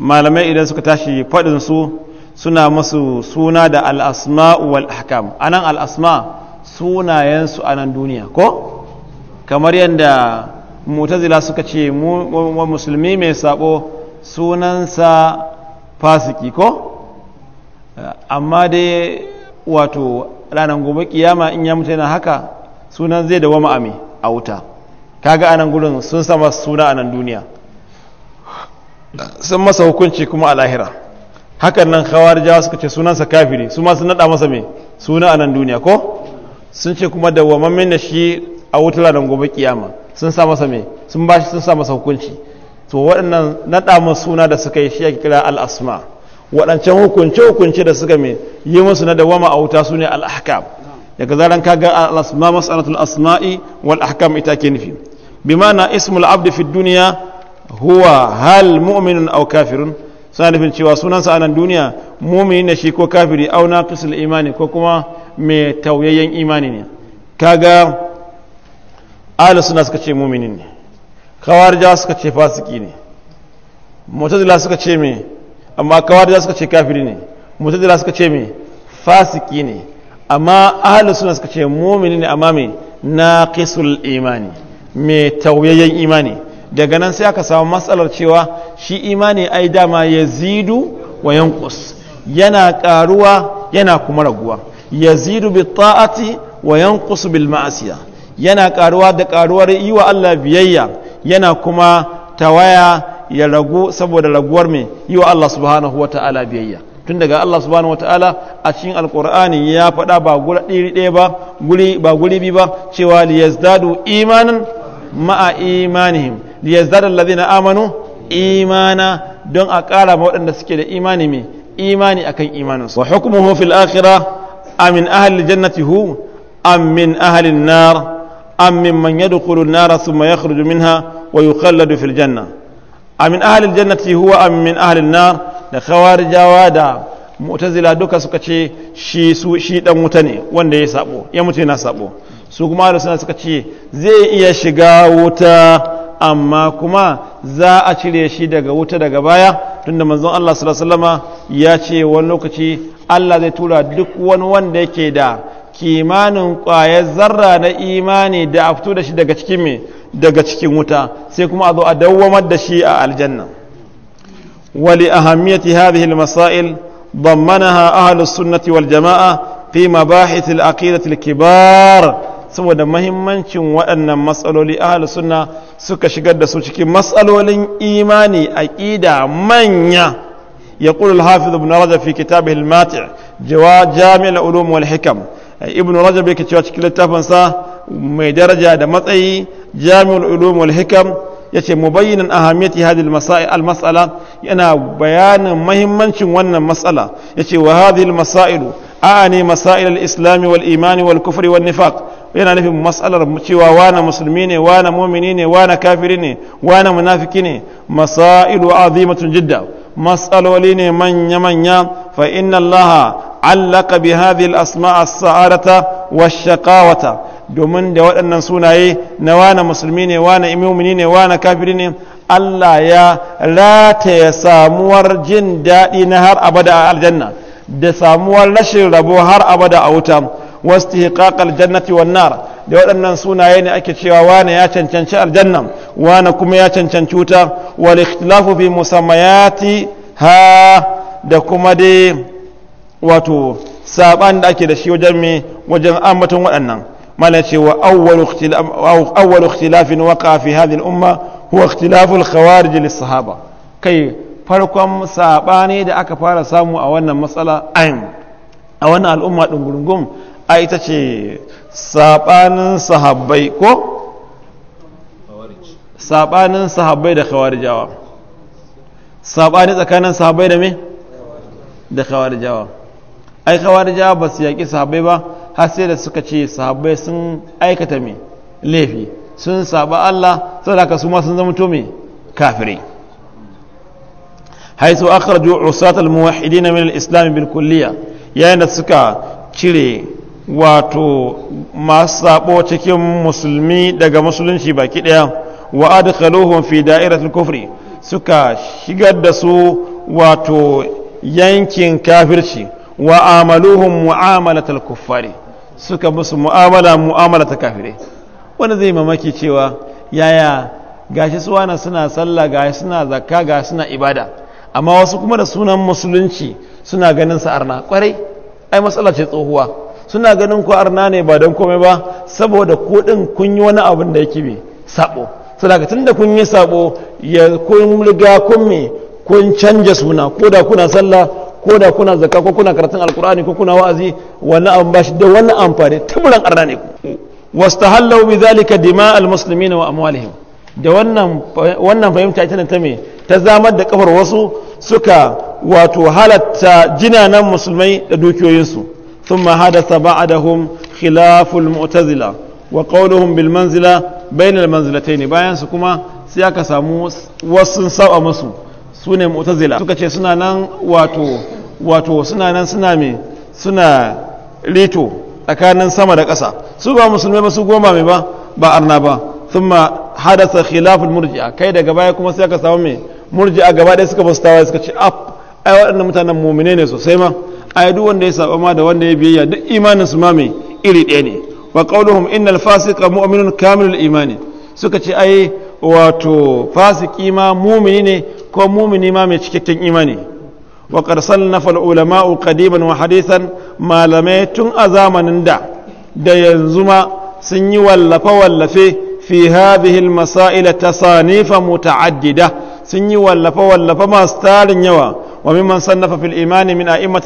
malamai idan suka tashi faɗin su suna masu suna da al'asma'u wal hakam anan al'asma sunayensu a nan duniya ko kamar yadda mutazila suka ce musulmi mai sabo sunansa fasiki ko amma dai wato ranar gobe kiyama in ya mutu haka sunan zai da a mai a wuta kaga anan gudun sun sama suna a nan duniya sun masa hukunci kuma a lahira hakan nan kawar jawa suka ce sunansa kafiri su masu nada masa mai suna a nan duniya ko sun ce kuma dawwamammen da shi a wutar ranar gobe kiyama sun sa masa mai sun ba shi sun sa masa hukunci to waɗannan naɗa masu suna da suka yi shi ake kira al'asma waɗancan hukunce-hukunce da suka mai yi musu na dawama a wuta su ne al'ahkam daga zaran kaga al'asma masanatul asma'i wal ahkam ita ke nufi bi ma'ana ismul abdi fi duniya huwa hal mu'minun aw kafirun suna nufin cewa sunansa a nan duniya mumini na shi ko kafiri au naqisul imani ko kuma mai tauyayyen imani ne kaga ahlus sunna suka ce muminin ne kawarja suka ce fasiki ne mutazila suka ce me amma kawarja suka ce kafiri ne mutazila suka ce me fasiki ne amma ahlus suna suka ce mumini ne amma me naqisul imani me tawayyan imani daga nan sai aka samu matsalar cewa shi imani ai dama yazidu wa yanqus yana karuwa yana kuma raguwa yazidu bi ta'ati wa yanqus bil ma'asiya yana karuwa da karuwar yi wa Allah biyayya yana kuma tawaya ya ragu saboda raguwar mai yi wa Allah subhanahu wa ta'ala biyayya tun daga Allah subhanahu wa ta'ala a cikin alkur'ani ya faɗa ba guri ɗaya ba guri ba guri bi ba cewa liyazdadu imanan ma'a imanihim liyazdadu allazina amanu imana don a ƙara ma waɗanda suke da imani mai imani akan imaninsu wa hukmuhu fil akhirah amin ahli jannati hu am min ahli nar أم ممن يدخل النار ثم يخرج منها janna amin ahalin janna أهل الجنة amin ahalin من da kawar jawa da mu'tazila duka suka ce shi su dan wuta ne wanda ya sabo ya mutu yana sabo su kuma da suna suka ce zai iya shiga wuta amma kuma za a cire shi daga wuta daga baya tunda manzon Allah sallallahu alaihi wasallama ya ce wani lokaci Allah zai tura duk wani wanda yake da kimanin ƙwayar zarra na imani da a fito da shi daga cikin me daga cikin wuta sai kuma a zo a dawwamar da shi a aljanna wali ahammiyati hadhihi almasail dammanaha ahlus sunnati wal jamaa fi mabahith al-aqidati kibar saboda mahimmancin waɗannan matsaloli ahalus sunna suka shigar da su cikin matsalolin imani aƙida manya ya ƙulul hafiz ibn rajab fi kitabih al-mati' jawa jami' al-ulum wal hikam ibn rajab yake cewa cikin littafinsa mai daraja da matsayi jami'ul ulum wal hikam yace mubayyinan ahamiyati hadhihi al-masail al-mas'ala yana bayanin mahimmancin wannan mas'ala yace wa hadhihi al-masailu a'ani masail al-islam wal iman wal kufr wal nifaq yana nufin mas'alar cewa wana musulmi ne wana mu'mini ne wana kafiri ne wana munafiki ne masailu azimatun jidda mas'aloli ne manya manya fa inna allaha allaka bi hadhihi asma saadata wash-shaqawata domin da waɗannan sunaye na wane musulmi ne wane imumini ne wane kafiri ne Allah ya rataya samuwar jin daɗi na har abada a aljanna da samuwar rashin rabo har abada a wuta wasu hiƙaƙar jannati wannan da waɗannan sunaye ne ake cewa wana ya cancanci aljanna wane kuma ya cancanci wuta wal ikhtilafu fi musammayati ha da kuma dai wato saban da ake da shi wajen me wajen ambaton waɗannan ce cewa awwalu ikhtilafin waqa fi hadhihi al-umma huwa ikhtilafu al-khawarij lis-sahaba kai farkon sabani da aka fara samu a wannan matsala ayin a wannan al'umma din gurgum a ita ce sabanin sahabbai ko sabanin sahabbai da khawarijawa sabani tsakanin sahabbai da me da khawarijawa ai kawarja ba su yaƙi sahabai ba har sai da suka ce sahabai sun aikata mai laifi sun saba Allah saboda su ma sun zama to mai kafirai haitu akhraju usat al-muwahhidin min al-islam bil kulliya yayin da suka cire wato masu sabo cikin musulmi daga musulunci baki daya wa adkhaluhum fi da'iratul kufri suka shigar da su wato yankin kafirci wa amaluhum mu'amalatal kuffari suka musu mu'amala mu'amala ta kafirai wanda zai mamaki cewa yaya gashi su wani suna sallah gashi suna zakka gashi suna ibada amma wasu kuma da sunan musulunci suna ganin sa arna kwarai ai matsala ce tsohuwa suna ganin ko arna ne ba don komai ba saboda ko din kun yi wani abin da yake bi sabo saboda tunda kun yi sabo ya kun riga kun me kun canja suna ko da kuna sallah ko da kuna zakka ko kuna karatun alkur'ani ko kuna wa'azi wannan an bashi da wannan amfani taburan arna ne wastahallu bi zalika dima almuslimina wa amwalihim da wannan wannan fahimta ita ta me ta zamar da kafar wasu suka wato halatta jinanan musulmai da dukiyoyinsu thumma hadatha ba'dahum khilaful mu'tazila wa qawluhum bil manzila bainal manzilatayn bayan su kuma sai aka samu wasu saba musu su ne mutazila suka ce suna nan wato wato suna nan suna me suna rito tsakanin sama da ƙasa su ba musulmai ba su goma mai ba ba arna ba sun ma hadasa khilafin murji'a kai daga baya kuma sai aka samu mai murji'a gaba ɗaya suka basu tawaye suka ce af ai waɗannan mutanen mumine ne sosai ma ai duk wanda ya saba ma da wanda ya biyayya duk imanin su ma mai iri ɗaya ne wa qauluhum innal fasiqa mu'minun kamilul imani suka ce ai wato fasiki ma mumini ne ko mumini ma mai cikakken imani wa qarsal nafal ulama'u qadiman wa hadisan malamai tun a zamanin da da yanzu ma sun yi wallafe wallafe fi hadhihi al masail tasanifa muta'addida sun yi wallafe wallafe masu tarin yawa wa mimman sannafa fil imani min a'immat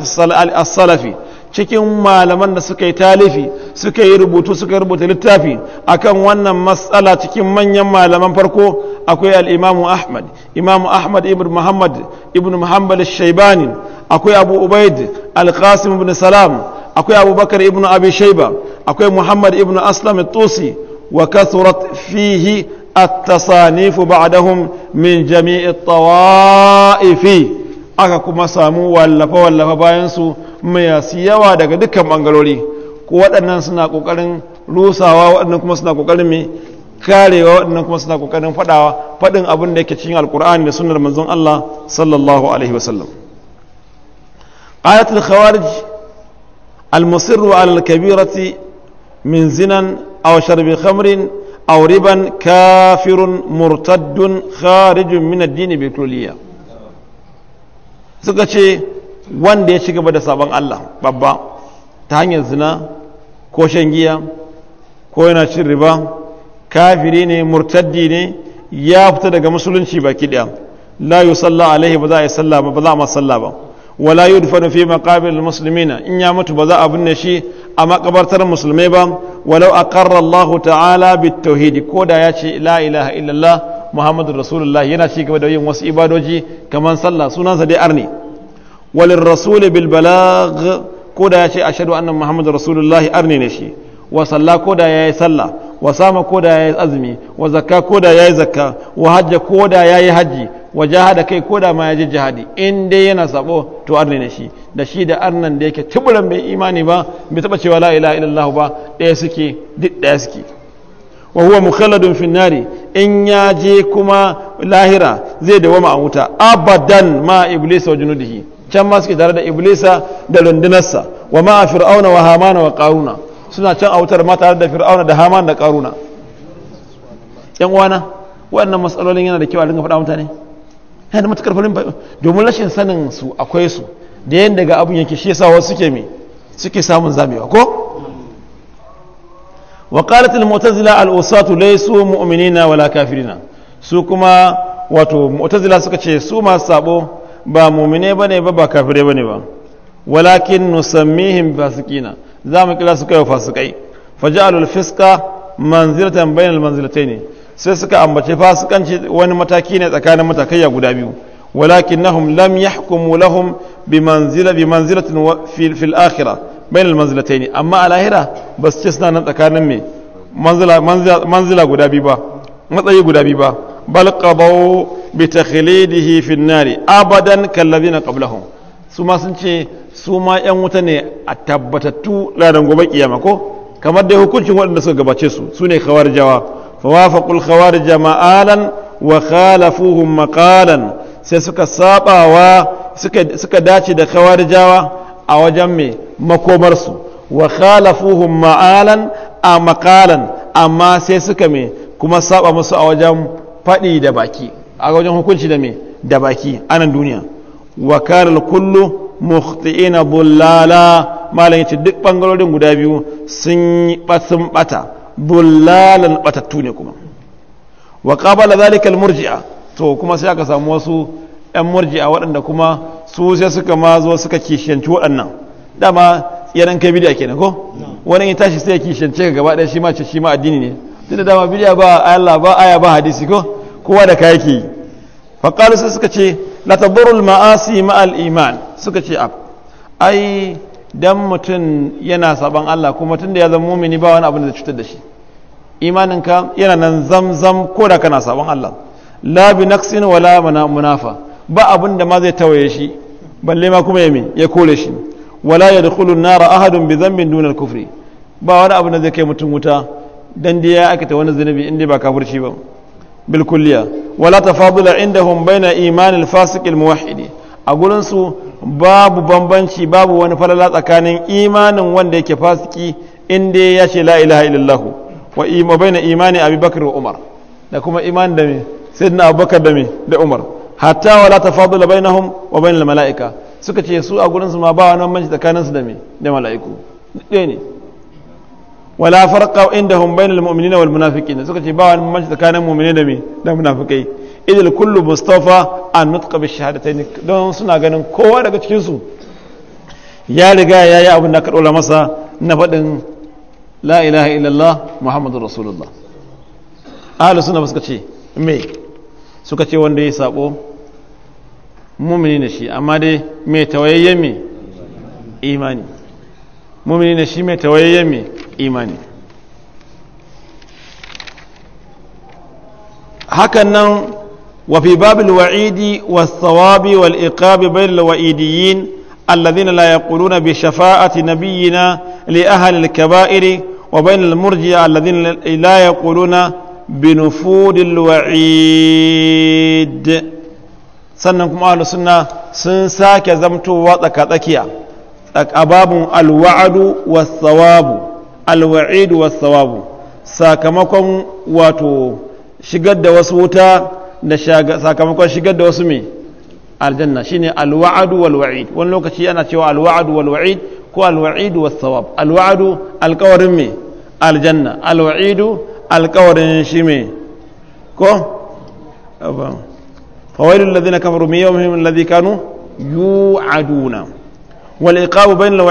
salafi cikin malaman da suka yi talifi suka yi rubutu suka rubuta littafi akan wannan matsala cikin manyan malaman farko akwai al'imamu ahmad imamu ahmad ibn muhammad ibn muhammad shaibani akwai abu ubaid al-qasim ibn salam akwai abubakar ibn abi shaiba akwai muhammad ibn aslam tusi wa kasurat fihi التصانيف بعدهم من jami'in الطوائف aka kuma samu wallafa-wallafa bayansu masu yawa daga dukkan bangarori ko waɗannan suna ƙoƙarin rusawa waɗannan kuma suna ƙoƙarin mai karewa waɗannan kuma suna ƙoƙarin faɗawa faɗin abin da yake cikin alƙur'ani da sunar manzon Allah sallallahu alaihi wasallam ayatul khawarij al-musirru al-kabirati min zinan aw sharbi khamrin aw riban kafirun murtaddun kharijun min ad-din bi suka ce wanda ya ci gaba da sabon Allah babba ta hanyar zina ko shan giya ko yana cin riba kafiri ne murtaddi ne ya fita daga musulunci baki daya la yusalla alaihi ba za a yi sallah ba ba za a masa sallah ba wala yudfanu fi maqabir almuslimina in ya mutu ba za a binne shi a makabartar musulmai ba walau aqarra Allah ta'ala bitauhid ko da ya ce la ilaha illallah muhammadur rasulullah yana ci gaba da yin wasu ibadoji kamar sallah sunansa dai arni walin rasul bil balagh ko da ya ce ashhadu anna muhammadar rasulullahi arne ne shi wa salla ko da yayi sallah wa sama ko da yayi azumi wa zakka ko da yayi zakka wa hajja ko da yayi haji wa da kai ko da ma yaji jihadi in dai yana sabo to arne ne shi da shi da arnan da yake tuburan bai imani ba bai taba cewa la ilaha illallah ba ɗaya suke duk daya suke wa huwa mukhalladun fi nari in ya je kuma lahira zai dawama a wuta abadan ma iblis wa junudihi can ma suke tare da iblisa da rundunarsa wa ma a fir'auna wa hamana wa karuna suna can a wutar ma tare da fir'auna da hamana da karuna yan uwana waɗannan matsalolin yana da kyau a dinga faɗa mutane yana da matukar farin domin rashin sanin su akwai su da yanda ga abin yake shi yasa wasu suke me suke samun zamewa ko وقالت المعتزلة الأوساط ليسوا مؤمنين wala kafirina, su kuma wato mu'tazila suka ce su masu sabo ba mumine ba ne ba ba kafire ba ne ba walakin nusammihim fasikina za mu kira su kai fasikai faja'alul fiska manzilatan bainal manzilatayn sai suka ambace fasikanci wani mataki ne tsakanin matakaiya guda biyu walakinnahum lam yahkumu lahum bi manzila bi manzilatin fil fil akhirah bainal manzilatayn amma a lahira ba su ce suna nan tsakanin me manzila manzila guda biyu ba matsayi guda biyu ba bal qabau bi takhlidihi fi an-nari abadan kallazina qablahum su ma sun ce su ma yan wuta ne a tabbatattu ranar gobe kiyama ko kamar dai hukuncin waɗanda suka gabace su sune ne khawarjawa fa wafaqul khawarja ma'alan wa khalafuhum maqalan sai suka sabawa suka suka dace da khawarjawa a wajen me makomar su wa khalafuhum ma'alan a maqalan amma sai suka me kuma saba musu a wajen faɗi da baki a wajen hukunci da me da baki anan duniya wa kana kullu mukhti'ina bullala malam yace duk bangarorin guda biyu sun yi batsun bata bullalan batattu ne kuma wa qabala zalika murji'a to kuma sai aka samu wasu yan murji'a waɗanda kuma su sai suka ma zo suka kishanci waɗannan dama yanan kai bidiya kenan ko wani ya tashi sai ya kishance ka gaba ɗaya shi ma ce shi ma addini ne tunda dama bidiya ba Allah ba aya ba hadisi ko kowa da kaya ke faƙalu sai suka ce la ma'asi ma'al iman suka ce ab ai dan mutum yana saban Allah kuma tun da ya zama mumini ba wani abin da cutar da shi imaninka yana nan zamzam ko da kana saban Allah la bi naqsin wala munafa ba abin da ma zai tawaye shi balle ma kuma yami ya kore shi wala yadkhulu an-nar ahadun bi dhanbin duna al-kufri ba wani abin da zai kai mutum wuta dan da ya aikata wani zunubi inda ba kafirci ba bilkuliya wala tafadula indahum baina imanil fasiqil muwahhidi a gurin su babu bambanci babu wani falala tsakanin imanin wanda yake fasiki inda ya ce la ilaha illallah wa ima baina imani abubakar wa umar da kuma iman da me sayyidina abubakar da me da umar hatta wala tafadula bainahum wa bainal mala'ika suka ce su a gurin ma ba wani bambanci tsakanin su da me da mala'iku ne wala farqa indahum bainal mu'minina wal munafiqin suka ce ba wani bambanci tsakanin mu'mini da me da munafikai idil kullu mustafa an nutqa bi shahadatayn don suna ganin kowa daga cikin su ya riga ya yi abin da ka dola masa na faɗin la ilaha illallah muhammadur rasulullah ahlus sunna suka ce me suka ce wanda ya sabo mumini ne shi amma dai me tawayayyen me imani mumini ne shi me tawayayyen hakanan. hakan nan wafi wa'idi wasawabi wal'iƙabi bayan wa'idiyin allazina la bi shafa'ati nabiyyina li ahli al murjia allazina la yaquluna bi sannan kuma sun sake zamto tsaka tsakiya a babun al-wa'du alwa'id was-sawabu sakamakon wato shigar da wasu wuta da sakamakon shigar da wasu me aljanna shine alwa'adu walwa'id wani lokaci ana cewa alwa'adu walwa'id ko alwa'idu was-sawab alwa'adu alƙawarin me aljanna alwa'idu alƙawarin shi me ko fawailul ladina kafaru min yawmihim alladhi kanu yu'aduna wal iqabu bainal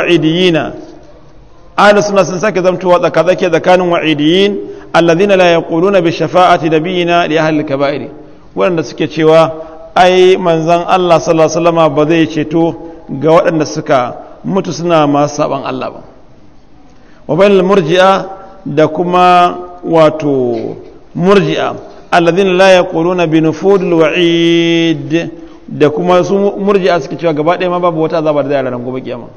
ahlus sunna sun sake zamtowa tsakazake tsakanin wa'idiyin alladhina la yaquluna bi shafa'ati nabiyina li ahli kaba'ir wanda suke cewa ai manzon Allah sallallahu alaihi wasallam ba zai ceto ga waɗanda suka mutu suna masu saban Allah ba wa bainal murji'a da kuma wato murji'a alladhina la yaquluna bi nufudil wa'id da kuma su murji'a suke cewa gaba ɗaya ma babu wata azaba da zai ranar gobe kiyama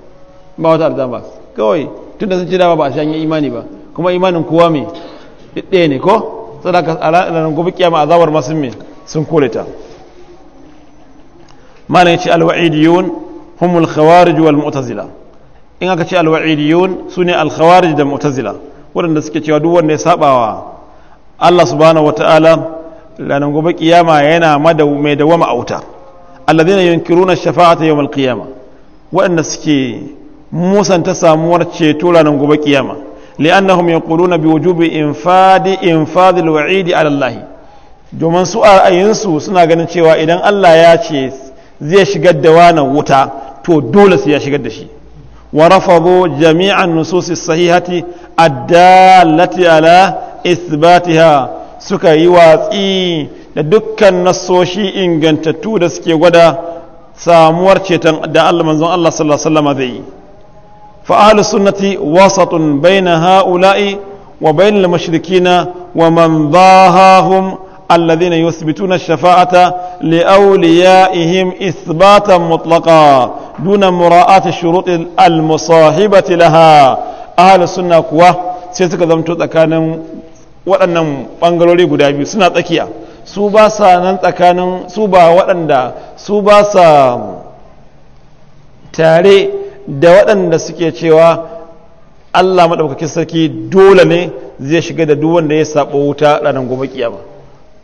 ba wata azaba kawai tunda sun ce dama ba a shanye imani ba kuma imanin kowa mai ɗaya ne ko sadaka ranar gobe kiyama zawar masu mai sun kore ta mana ya ce alwa'idiyun humul khawarij wal mu'tazila in aka ce alwa'idiyun sune al khawarij da mu'tazila waɗanda suke cewa duk wanda ya sabawa Allah subhanahu Ta'ala ranar gobe kiyama yana mai dawama a wuta alladhina yunkiruna shafa'ata yawm qiyama waɗanda suke ta samuwar ceto ranar gobe kiyama li'annahum yaquluna biwujubi infadi infadil wa'idi ala Allah domin su a ayinsu suna ganin cewa idan Allah ya ce zai shigar da wani wuta to dole sai ya shigar da shi wa rafadhu jami'an nususi sahihati addalati ala isbatiha suka yi watsi da dukkan nasoshi ingantattu da suke gwada samuwar ceton da Allah manzon Allah sallallahu alaihi wasallam zai yi فأهل السنة وسط بين هؤلاء وبين المشركين ومن ضاهاهم الذين يثبتون الشفاعة لأوليائهم إثباتا مطلقا دون مراعاة الشروط المصاحبة لها أهل السنة قوة سيسك زمتو تكانم وأنم بانغلولي قدابي سنة تكيا سوبا سانان تكانم سوبا وأندا سوبا سام تاري da waɗanda suke cewa Allah maɗaukakin sarki dole ne zai shiga da duk wanda ya saɓo wuta ranar goma kiyama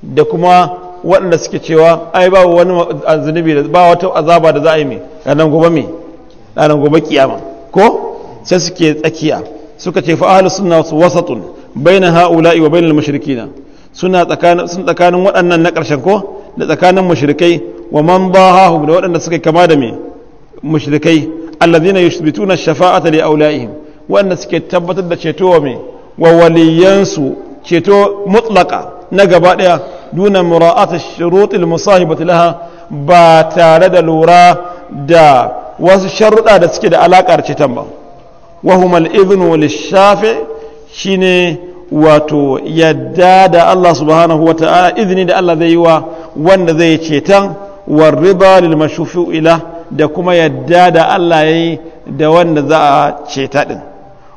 da kuma waɗanda suke cewa ai ba wani zunubi da ba wata azaba da za a yi mai ranar goma mai ranar goma kiyama ko sai suke tsakiya suka ce fa ahlus sunna wasatun baina haula'i wa bainal mushrikina suna tsakanin sun tsakanin waɗannan na ƙarshen ko da tsakanin mushrikai wa man hahu da waɗanda suka kama da mai mushrikai alladhina yuthbituna shafa'ata li awlaihim wanda suke tabbatar da ceto wa me wa waliyansu ceto mutlaka na gaba daya duna mura'ata shurutil musahibati laha ba tare da lura da wasu sharuɗa da suke da alaƙar ceton ba wahum al-ibnu lishafi shine wato yadda da Allah subhanahu wata'ala izini da Allah zai yi wa wanda zai ceton wa riba lil mashufu ila da kuma yadda da Allah ya yi da wanda za a ceta din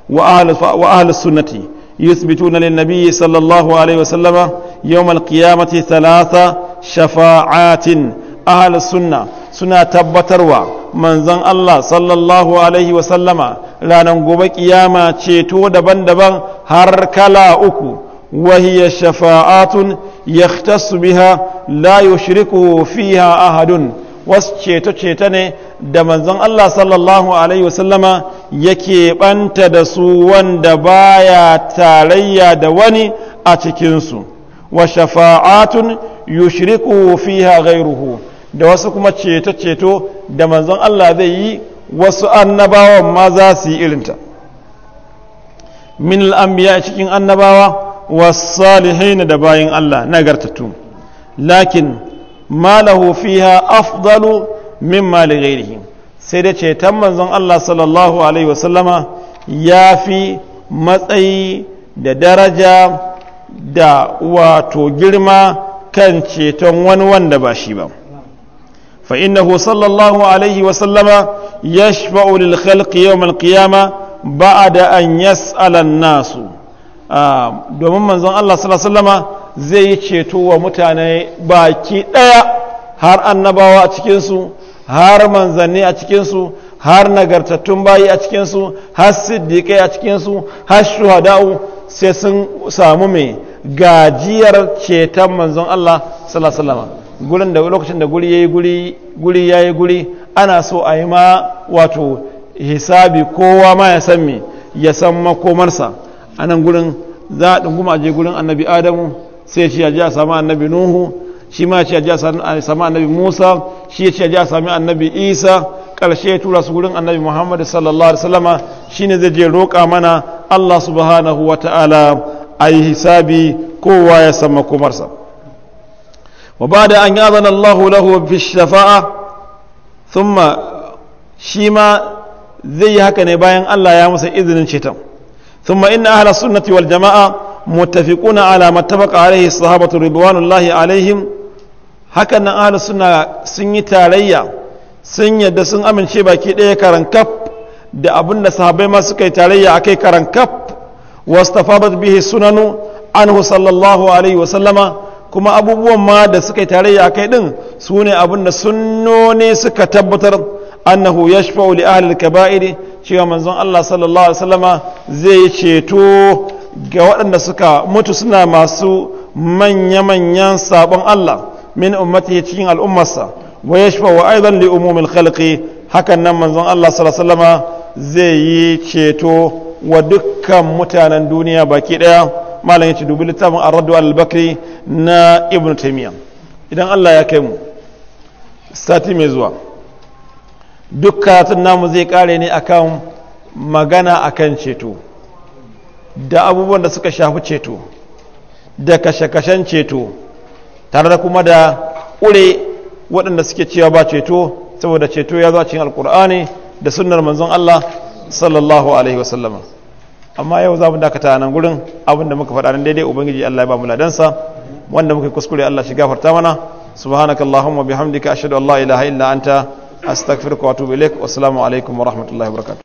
wa ahlus sunnati yusbituna lin nabiyyi sallallahu alaihi wasallama yawm alqiyamati thalatha shafa'atin ahlus sunna suna tabbatarwa manzon Allah sallallahu alaihi wasallama ranan gobe kiyama ceto daban-daban har kala uku وهي شفاعات يختص بها لا يشركه فيها أحد wasu ceto-ceto ne da manzon Allah sallallahu alaihi wasallama yake ɓanta da su wanda baya tarayya da wani a cikinsu wa shafa'atun yushriku fiha gairuhu da wasu kuma ceto-ceto da manzon Allah zai yi wasu annabawan ma za su yi irinta min al'ambiya cikin annabawa wasu salihaina da bayan Allah nagartattu lakin ma lahu fiha afdalu mimma li ghairihi sai da ceton manzon Allah sallallahu alaihi wasallama ya fi matsayi da daraja da wato girma kan ceton wani wanda ba shi ba Fa sallallahu alaihi الله عليه وسلم يشفع للخلق يوم القيامة بعد an يسأل الناس nasu domin منزon Allah sallallahu alaihi wasallama zai yi ceto wa mutane baki ɗaya har annabawa a cikinsu har manzanni a cikinsu har nagartattun bayi a cikinsu har siddiƙai a cikinsu har shuhada'u sai sun samu mai gajiyar ceton manzon Allah salasalama gurin da lokacin da guri yi guri guri yi guri ana so a yi ma wato hisabi kowa ma ya san me ya san makomarsa a nan gurin za a ɗunguma a je gurin annabi adamu sai ce ya ji a sami annabi nuhu shi ma ce ya ji a sami annabi musa shi ya ce ya ji a sami annabi isa ƙarshe ya tura su wurin annabi muhammad sallallahu alaihi wasallama shine zai je roƙa mana allah subhanahu wa ta'ala a yi hisabi kowa ya san makomarsa wa ba da an yaban allahu lahu fi shafa'a thumma shi ma zai yi haka ne bayan allah ya masa izinin ceton thumma inna ahla sunnati wal jama'a muttafiquna ala mattafaqa alaihi sahabatu ridwanullahi alaihim hakan nan ahlus sunna sun yi tarayya sun yadda sun amince baki ɗaya karan kaf da abin da sahabbai ma suka yi tarayya akai karan kaf wastafadat bihi sunanu anhu sallallahu alaihi wasallama kuma abubuwan ma da suka yi tarayya akai din su ne abin da sunnoni suka tabbatar annahu yashfa'u li ahli al-kaba'ir cewa manzon Allah sallallahu alaihi wasallama zai ceto ga waɗanda suka mutu suna masu manya-manyan sabon Allah min ummati cikin al'ummarsa wa ya shi wa aizan li umumin khalqi hakan nan manzon Allah sallama zai yi ceto wa dukkan mutanen duniya baki ɗaya malam yace dubi littafin ar-raddu al-bakri na ibn taymiya idan Allah ya kai mu sati mai zuwa duk karatun namu zai kare ne akan magana akan ceto da abubuwan da suka shafi ceto da kashe-kashen ceto tare da kuma da ƙure waɗanda suke cewa ba ceto saboda ceto ya zo a cikin alkur'ani da sunnar manzon Allah sallallahu alaihi wasallam amma yau za mu dakata nan gurin abinda muka faɗa nan daidai ubangiji Allah ya ba mu ladansa wanda muka kuskure Allah shi gafarta mana subhanaka allahumma bihamdika ashhadu an la ilaha illa anta astaghfiruka wa atubu ilaik assalamu alaikum wa rahmatullahi wa barakatuh